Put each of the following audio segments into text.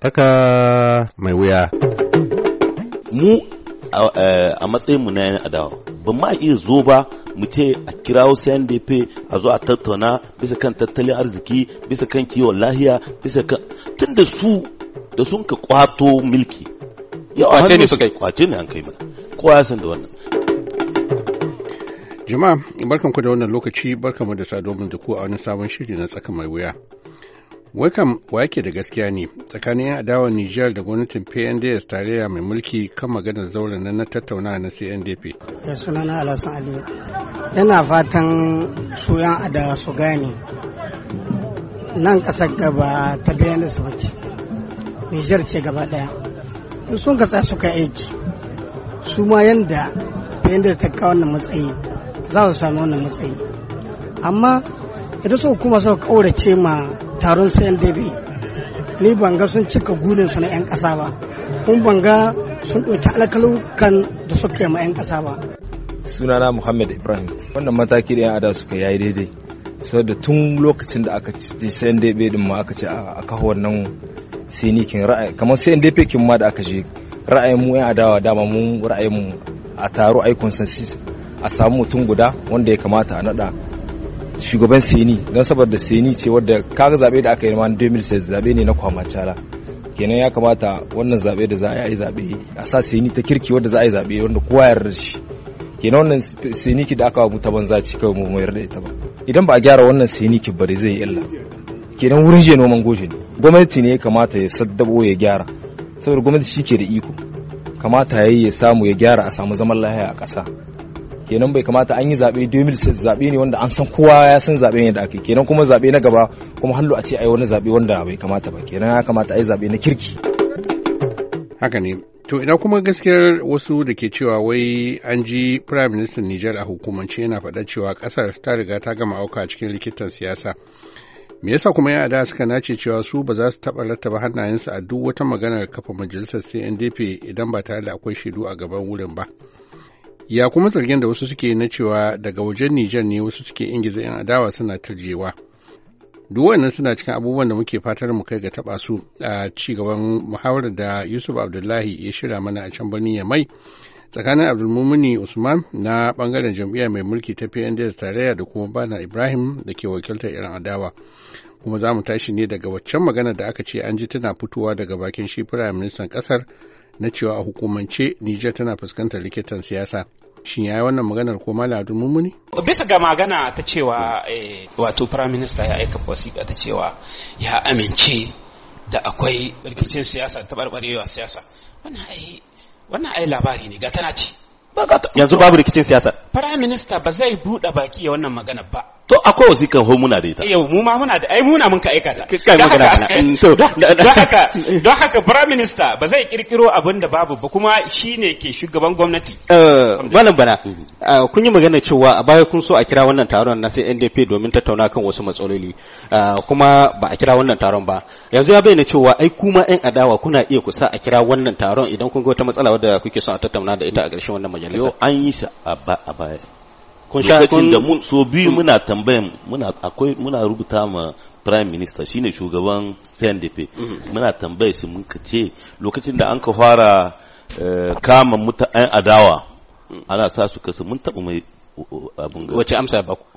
Tsaka mai wuya. Mu a matsayinmu na yan adawa, ba ma iya zo ba mu ce a kirawo CNDP a zo a tattauna bisa kan tattalin arziki, bisa kan kiwon lahiya, bisa kan tun da su da sun ka kwato milki. Kwace ne suka yi. Kwace ne an kai mana. Kowa ya san da wannan. Jama'a, barkanku da wannan lokaci, barkanmu da sadomin da ku a wani sabon shiri na tsaka mai wuya. Wakam wake da gaskiya ne tsakanin 'yan adawar Nijar da gwamnatin PNDS tarayya mai mulki kan maganar zauren nan na tattauna na CNDP. Ya na alasan Ali. Yana fatan su 'yan adawa su gane nan kasar gaba ta da su wace. Nijar ce gaba ɗaya. In sun su suka aiki su ma yanda PNDS ta kawo wannan matsayi za su samu wannan matsayi. Amma idan su kuma suka kaurace ma taron sayan ni ban ga sun cika gurin su na 'yan ƙasa ba kun ban ga sun ɗauki alkalukan da suka yi ma 'yan ƙasa ba sunana muhammad ibrahim wannan mataki da 'yan ada suka yayi daidai da tun lokacin da aka ce sayan din ma aka ce a kawo wannan sinikin ra'ayi kamar sayan kin ma da aka je ra'ayin mu 'yan adawa dama mu ra'ayin mu a taro aikon sansis a samu mutum guda wanda ya kamata a naɗa. shugaban seni don saboda seni ce wadda kaga zaɓe da aka yi ma 2006 zaɓe ne na kwamacara kenan ya kamata wannan zaɓe da za a yi zaɓe a sa seni ta kirki wadda za a yi zaɓe wanda kowa yarda shi kenan wannan ki da aka wa ta banza ci kawai mu yarda ita ba idan ba a gyara wannan ki ba zai yi illa kenan wurin je noman goje gwamnati ne ya kamata ya saddabo ya gyara saboda gwamnati shi ke da iko kamata ya yi ya samu ya gyara a samu zaman lahiya a ƙasa kenan bai kamata an yi zaɓe 2006 zaɓe ne wanda an san kowa ya san zaɓe ne da aka kenan kuma zaɓe na gaba kuma hannu a ce a yi wani zaɓe wanda bai kamata ba kenan ya kamata a yi zaɓe na kirki haka ne to ina kuma gaskiyar wasu da ke cewa wai an ji prime minister Niger a hukumance yana faɗa cewa ƙasar ta riga ta gama auka a cikin likitan siyasa me yasa kuma ya da suka nace cewa su ba za su taɓa rattaba hannayensu a duk wata maganar kafa majalisar CNDP idan ba tare da akwai shaidu a gaban wurin ba ya kuma zargin da wasu suke na cewa daga wajen Nijar ne wasu suke ingiza 'yan adawa suna turjewa. Duk wannan suna cikin abubuwan da muke fatar mu kai ga taba su a ci gaban muhawarar da Yusuf Abdullahi ya shirya mana a can birnin Yamai tsakanin Abdulmumini Usman na bangaren jam'iyya mai mulki ta PNDS tarayya da kuma Bana Ibrahim da ke wakiltar 'yan adawa. Kuma za mu tashi ne daga waccan magana da aka ce an ji tana fitowa daga bakin shi Firayim Ministan ƙasar na cewa a hukumance Nijar tana fuskantar rikitan siyasa. Shin ya yi wannan maganar ko maladun mummuni? Bisa ga magana ta cewa eh, wato Prime Minister ya aika wasiƙa ta cewa ya amince da akwai rikicin siyasa ta barbarewa siyasa. Wannan ai labari ne ga tana ce. Yanzu babu rikicin siyasa. Prime Minister ba zai buɗe baki ya wannan magana ba. to akwai wasikan ho muna da ita yau eh, mu ma muna da ai muna mun ka aikata kai mun kana to don haka don haka prime minister ba zai kirkiro abin da babu ba kuma shine ke shugaban gwamnati eh, malam bana mm-hmm. ah, kun yi magana cewa a baya kun so a kira wannan taron na sai NDP domin tattauna kan wasu matsaloli ah, kuma ba a kira wannan taron ba yanzu ya bayyana cewa ai kuma ɗan adawa kuna iya kusa a kira wannan taron idan kun ga wata matsala wadda kuke son a tattauna da ita a ƙarshen wannan majalisa an yi sa a baya Sha kun lokacin da mun so biyu muna tambayan muna akwai muna rubuta ma prime minister shine shugaban CNDP mhm. muna tambaye shi mun ce lokacin da an ka fara eh, kama muta yan adawa mhm. ana sa su kasu mun taɓa mai abin ga wace amsa ba ku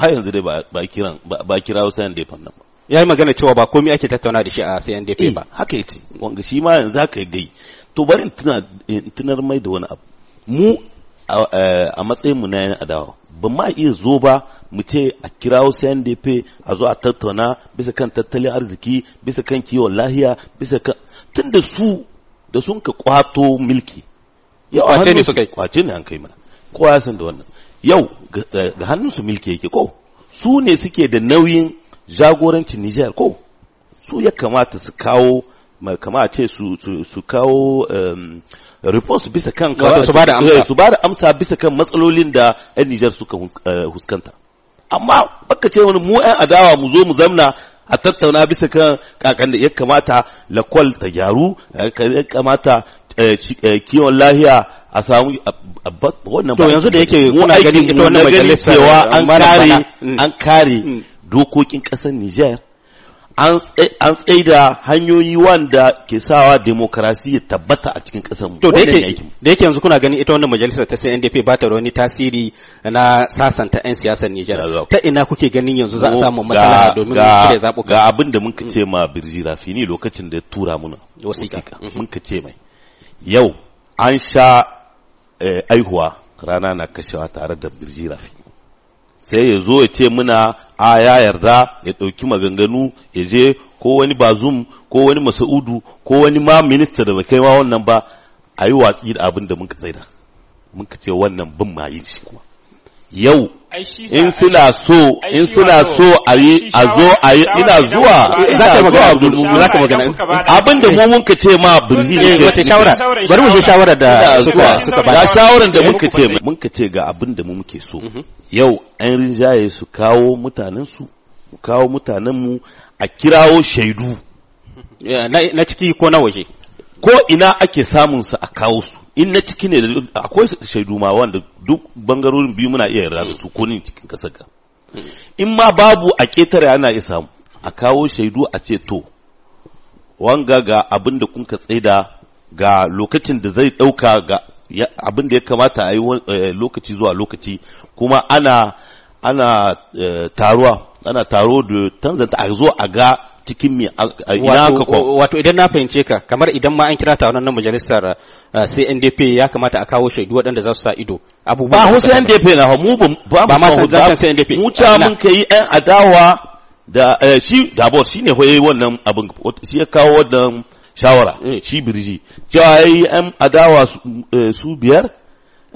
har yanzu dai ba kiran ba kira CNDP nan ba ya yi magana cewa ba komai ake tattauna da shi a CNDP eh, ba haka yace wanga shi ma yanzu haka gai to barin tunar mai da wani abu mu Eh, a matsayin mu na yan adawa ba ma iya zo ba mu ce a kirawo CNDP a zo a tattauna bisa kan tattalin arziki bisa kan kiwon lahiya bisa kan tun da su da sun ka kwato milki yau a ne suka yi kwace ne an kai mana kowa ya san da wannan yau ga hannun su milki yake ko su ne suke da nauyin jagorancin Nijar ko su ya kamata su kawo kama a ce su su kawo um, reports bisa kan su ba amsa su amsa bisa kan matsalolin da yan Nijar suka uh, huskanta amma baka ce wani mu yan adawa mu zo mu zamna a tattauna bisa kan kakan da ya kamata lakwal ta gyaru ya kamata eh, eh, kiwon lahiya a samu wannan to yanzu da yake muna gani ita wannan majalisar cewa an kare mm. an kare mm. dokokin kasar Nijar an da hanyoyi wanda ke sawa demokrasi ya tabbata a cikin ƙasar mu. To da yake yanzu kuna ganin ita wannan majalisar ta CNDP ba ta da wani tasiri na sasanta 'yan siyasar Nijar. Ta ina kuke ganin yanzu za a samu matsala domin cire zaɓuka. Ga abin da muka ce ma Birji Rafini lokacin da ya tura muna. Wasiƙa. Mhm. Muka ce mai. Yau an sha eh, aihuwa rana na kashewa tare da Birji Rafini. sai ya zo ya ce muna a ya yarda ya ɗauki maganganu ya je ko wani bazum ko wani masa'udu ko wani ma minista da bai kai ma wannan ba a yi watsi da abin da mun tsaida mun ce wannan bin ma yin shi kuma yau in suna so in suna so a yi a zo a yi ina zuwa za ka magana abdul mumin za ka magana abin da mu ka ce ma burzi ne wace shawara bari mu je shawara da suka suka ba ga shawaran da muka ce mun ka ce ga abin da mu muke so mhm. yau an rinjaye su kawo mutanen su kawo mutanen mu a kirawo shaidu eh, na ciki ko na waje ko ina ake samun su a kawo su in na ciki ne akwai shaidu ma wanda duk bangarorin biyu muna iya yarda da su ko ni cikin kasar ka in ma babu a ketare ana iya samu a kawo shaidu a ce to wanga ga abin da kun ka tsaida ga lokacin da zai ɗauka ga abin da ya kamata a yi eh, lokaci zuwa lokaci kuma ana ana eh, taruwa ana taro da tanzanta a zo a ga cikin me ina ka ko wato idan na fahimce ka kamar idan ma an kira ta nan majalisar sai uh, NDP ya kamata a kawo shaidu waɗanda za su sa ido abubuwa ba hu sai NDP na mu ba ba ma san zakan sai NDP mu ta mun kai ɗan adawa da eh, shi da bo shine hoye wannan abin shi ya kawo wannan shawara eh. shi birji cewa yi ɗan adawa su eh, biyar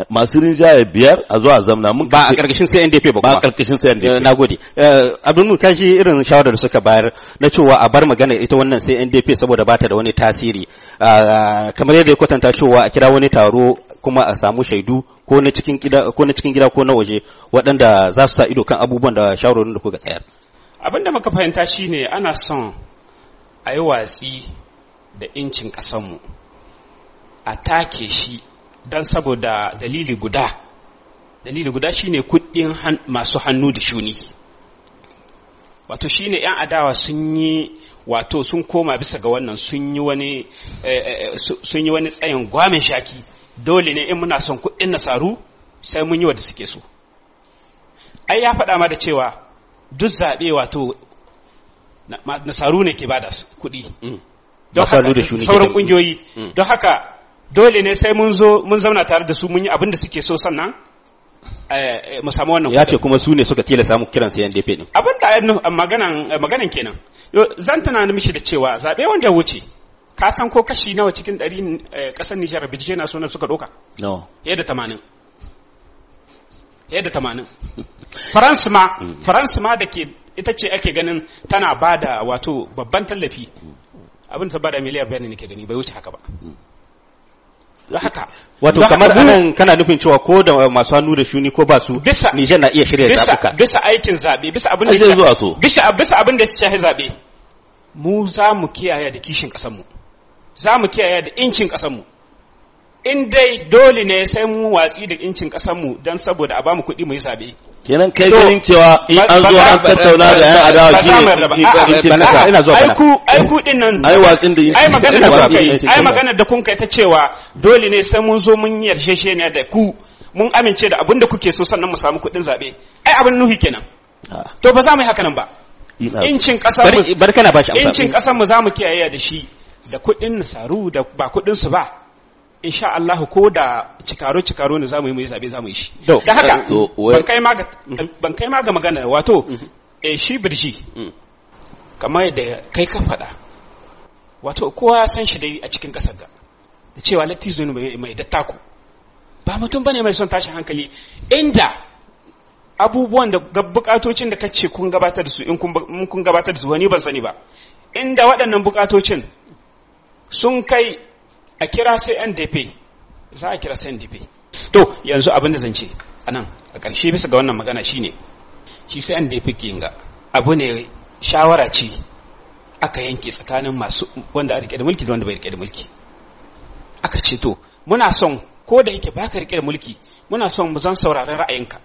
masu rinjaye biyar a zuwa zamna mun ba a karkashin NDP ba ba a karkashin eh, na nagode eh, abin ka kashi irin shawarar da suka bayar na cewa a bar magana ita wannan NDP saboda ba ta da wani tasiri ah, kamar yadda ya kwatanta cewa a kira wani taro kuma a samu shaidu ko na cikin gida ko na cikin gida ko na waje waɗanda za su sa ido kan abubuwan da shawarorin da kuka tsayar abin da muka fahimta shine ana son a yi watsi da incin ƙasanmu a take shi don saboda dalili guda dalili guda shine kudin masu hannu da shuni wato shine 'yan adawa sun yi wato sun koma bisa ga wannan sun yi wani eh, eh, eh, tsayin gwamin shaki dole ne in muna son kudin nasaru sai mun yi wa da suke so ai ya faɗa ma da cewa duk zaɓe wato nasaru ne ke bada kuɗi mm. sauran ƙungiyoyi mm. don haka dole ne sai mun zo mun zauna tare da su mun yi abin da suke so sannan eh, eh, mu samu wannan ya ce kuma su ne suka tilasta mu kiran sai NDP din abin da eh, maganan maganan kenan zan tunani mishi da cewa zabe wanda wuce ka san ko kashi nawa cikin ɗari kasar Nijar bijje na sunan suka ɗauka no yadda tamanin yadda tamanin France ma mm. France ma da ke ita ce ake ganin tana bada wato babban tallafi mm. abin ta bada miliyar bayani nake gani bai wuce haka ba mm. haka wato kamar anan kana nufin cewa ko da masu hannu da shuni ko ba su bisa Niger na iya shirya zabuka bisa aikin zabe bisa abin da zai zuwa to bisa bisa abin da shi shafi zabe mu za mu kiyaye da kishin kasar mu za mu kiyaye da incin kasar mu in dai dole ne sai mu watsi da incin kasanmu don saboda a bamu kuɗi mu yi zaɓe. kenan kai ganin cewa in an zo an tattauna da yan adawa shi ne incin ƙasa ina zuwa kana ai ku din nan ai watsin da ai magana da kun kai ai magana da kun kai ta cewa dole ne sai mun zo mun yarshe shi ne da ku mun amince da abin da kuke so sannan mu samu kuɗin zaɓe ai abin nuhi kenan ah. to ba za mu yi haka nan ba incin ƙasar mu bar kana ba shi amsa incin ƙasar mu za mu kiyaye da shi da kuɗin nasaru da ba kuɗin su ba sha Allah ko da cikaro cikaro ne zamu yi mu yi zabe zamu yi shi da haka ban kai ma ga mm-hmm. ban kai ma ga magana wato mm-hmm. eh shi birji mm. kamar da kai ka faɗa wato kowa san shi dai a cikin kasar ga da cewa latis ne mai dattako ba mutum bane mai son tashin hankali inda abubuwan da bukatocin da kace kun gabatar da su in kun gabatar da su wani ban sani ba inda waɗannan bukatocin sun kai a kira sai ndp za a kira sai ndp to yanzu abin da zance a nan a ƙarshe bisa ga wannan magana shine shi sai ndp kinga abu ne shawara ce aka yanke tsakanin masu wanda a rike da mulki da wanda bai rike da mulki aka ce to muna son ko da yake ka rike da mulki muna son mu zan saurari ra'ayinka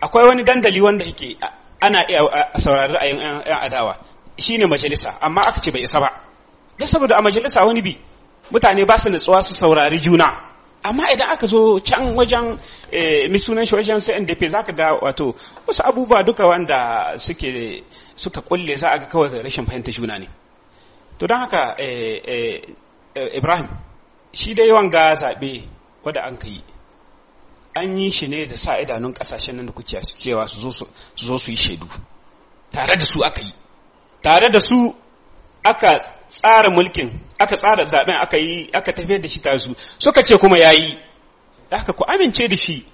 akwai wani dandali wanda yake ana iya saurari ra'ayin yan adawa shine majalisa amma aka ce bai isa ba da saboda a majalisa wani bi mutane ba su nutsuwa su saurari juna amma idan aka zo can wajen eh, misunan shi wajen sai ndp za ka ga wato wasu abubuwa duka wanda suke suka kulle za a ga kawai rashin fahimta juna ne to don haka eh, eh, ibrahim shi yawan ga zaɓe wadda an ka yi an yi shi ne da sa idanun kasashen nan da kuke cewa su zo su yi shaidu tare da su aka yi tare da su aka tsara mulkin aka tsara zaben aka yi aka tafi da shi tazu suka ce kuma yayi haka ku amince da shi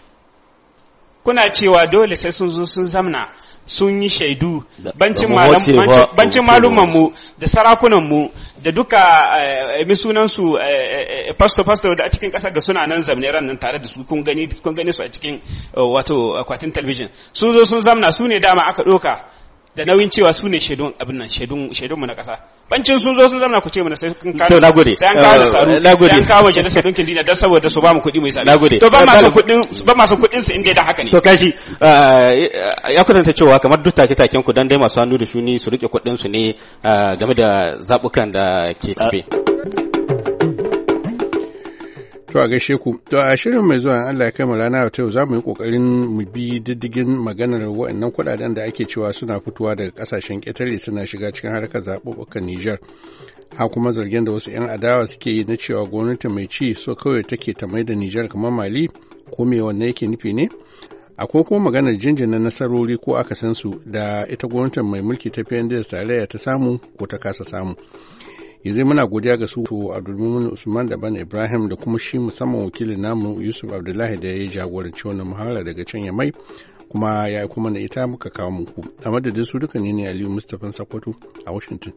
kuna cewa dole sai sun zo sun zamna sun yi shaidu bancin mu da sarakunan mu da duka eh, eh, misunansu pastor eh, pastor da a cikin kasar ga suna nan zamne ran nan tare da su kun gani su a cikin wato akwatin talabijin sun zo sun zamna su ne dama aka ɗoka da nauyin cewa su ne shaidun abin nan shaidun mu na ƙasa bancin sun zo sun zama ku ce mana sai kun kawo sai an kawo da saru eh, sai an kawo majalisar dinkin dina don saboda su ba mu kuɗi mai sami to ba masu kuɗin ba masu kuɗin su inda da haka ne to kashi eh, ya kudanta cewa kamar duk take taken ku dan dai masu hannu da shuni su rike kuɗin su ne eh, game da zabukan da ke tafe To a gaishe ku. To a shirin mai zuwa in Allah ya kai rana ta yau za mu yi kokarin mu bi diddigin maganar waɗannan kuɗaɗen da ake cewa suna fitowa daga ƙasashen ƙetare suna shiga cikin harkar zaɓuɓɓukan Nijar. Ha kuma zargin da wasu 'yan adawa suke yi na cewa gwamnati mai ci so kawai take ta mai da Nijar kamar Mali ko me wanne yake nufi ne? Akwai kuma maganar na nasarori ko aka san su da ita gwamnatin mai mulki ta PNDS tarayya ta samu ko ta kasa samu. yanzu muna godiya ga su abdulmumin usman da Bani ibrahim da kuma shi musamman wakilin namu yusuf abdullahi da ya yi jagoranci wannan muhawara daga can ya mai kuma ya kuma na ita muka kawo muku a madadin su duka ne ne aliyu mustapha sakwato a washington